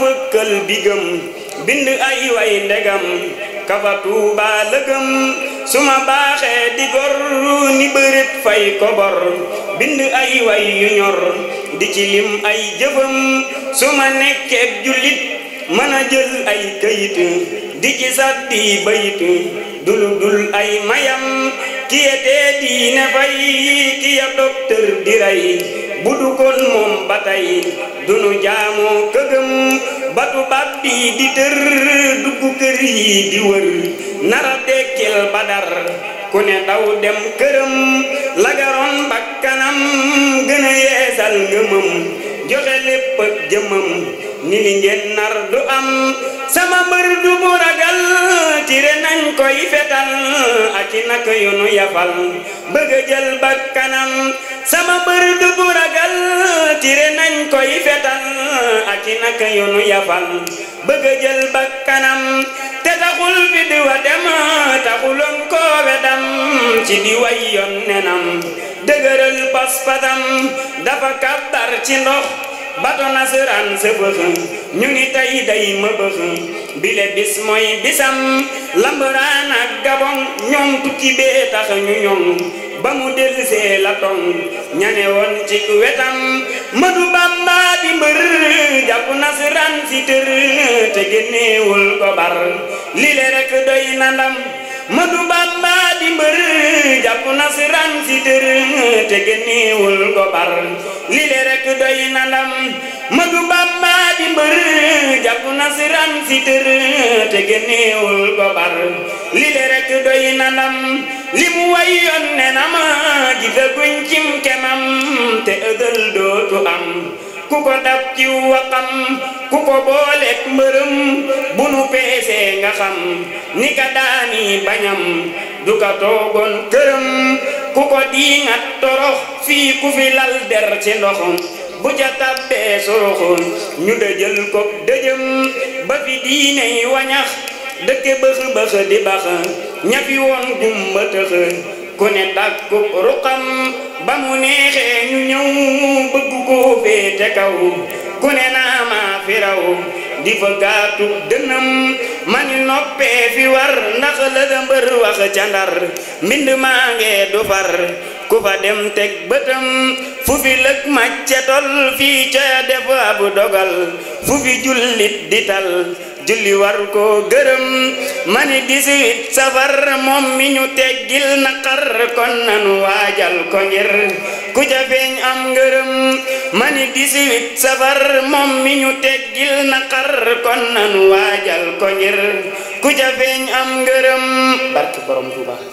fëkkal bigam bind ay way ndegam kafa tuuba lëgëm suma baaxee di gor ni fay kobor bind ay way yu di ci lim ay jëfam suma nekkeek jullit mën a jël ay këyit di gisat di bayit dul dul ay mayam kiye tee diine fay kiya docteur di ray bu du kon moom ba tey dunu jaamoo këgëm batu bat bi di tër dugg kër yi di wër nara dekkil badar ku ne daw dem këram lagaroon bakkanam gën a yeesal ngëmëm joxe lépp ak jëmam ni li ngeen nar du am sama mbër du mu ragal tire nañ koy fetal ak i yafal bëgg bakkanam sama mbër du mu ragal tire nañ koy fetal ak i yafal bëgg bakkanam te taxul bi dem taxuloon koo ci di way yoon nenam dëgëral bas patam dafa kàbbar ci ndox bato nasaraan sëbëx ñu ngi tey day mëbëx bile bis mooy bisam lambaraan ak gabon ñoom tukki bee tax ñu ñoŋ ba mu dellusee la tong ñane woon ci wetam Madu Bamba di mbër jàpp nasaraan si tër te génneewul ko bar lile rek doy na ndam Madu Bamba di mbër jàpp na si si dër te génniwul ko bar li le doy na ndam mëgu bàmba di mbër jàpp na si si dër te génniwul ko bar li le doy na ndam li mu way ne na ma gisaguñ cim kemam te ëgël dootu am ku ko dab ci waxam ku ko booleeg mbërëm bu nu peesee nga xam ni ka daani bañam du ka toogoon këram ku ko diingat torox fii ku fi lal der ci ndoxam bu ca tabbee soroxoon ñu dëjël ko dëjëm ba fi diine wañax dëkk bëx bëx di bax ñafi woon gumba tëx ku ne tàkku ruqam ba mu neexee ñu ñëw bëgg koo féete kaw ku ne naa fi raw di fa gaatu dënam mani noppee fi war ndax la da mbër wax ca ndar mbind maa du far ku fa dem teg bëtam fu fi lëg macca tol fii ca def ab dogal fu fi jullit di julli war ko gërëm mani dix-huit safar moom mi ñu teggil naqar kon nanu waajal ko ngir ku ca feeñ am ngërëm mani 18 safar moom mi ñu teggil naqar kon nanu waajal ko ngir ku ca feeñ am ngërëm barke